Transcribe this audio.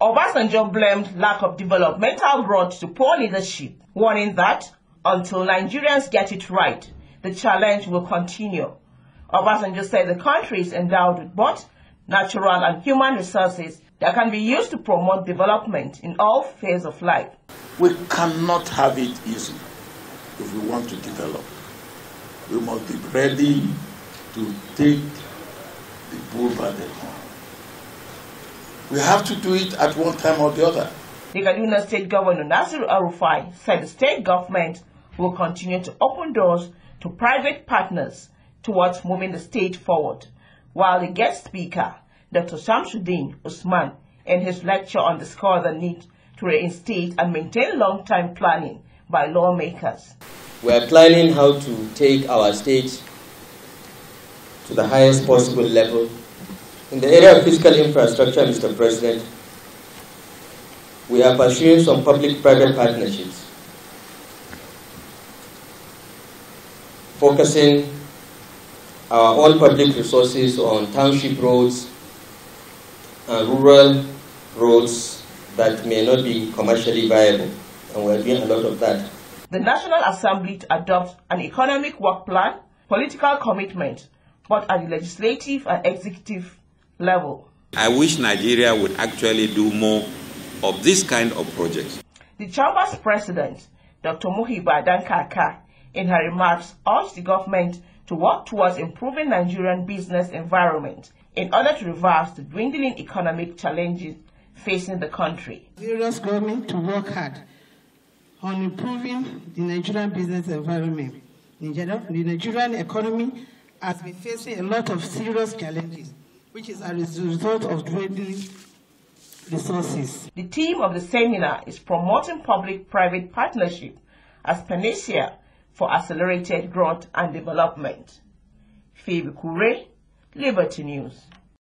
Obasanjo blamed lack of developmental growth to poor leadership, warning that until Nigerians get it right, the challenge will continue. Obasanjo said the country is endowed with both natural and human resources that can be used to promote development in all phases of life. We cannot have it easy if we want to develop. We must be ready to take the bull by the horns. We have to do it at one time or the other. The Kaduna State Governor Nasir Arufai said the state government will continue to open doors to private partners towards moving the state forward, while the guest speaker, Dr. Shamsuddin Usman, in his lecture underscored the need to reinstate and maintain long-term planning by lawmakers. We are planning how to take our state to the highest possible level in the area of physical infrastructure, Mr. President, we are pursuing some public-private partnerships, focusing our all public resources on township roads and rural roads that may not be commercially viable, and we are doing a lot of that. The National Assembly to adopt an economic work plan, political commitment, both at the legislative and executive level. I wish Nigeria would actually do more of this kind of projects. The Chambers president, Dr. Muhiba Dankaka, in her remarks, urged the government to work towards improving Nigerian business environment in order to reverse the dwindling economic challenges facing the country. Nigeria's government to work hard on improving the Nigerian business environment. Nigeria, the Nigerian economy has been facing a lot of serious challenges which is a result of draining resources. The theme of the seminar is promoting public-private partnership as panacea for accelerated growth and development. Phoebe Kure, Liberty News.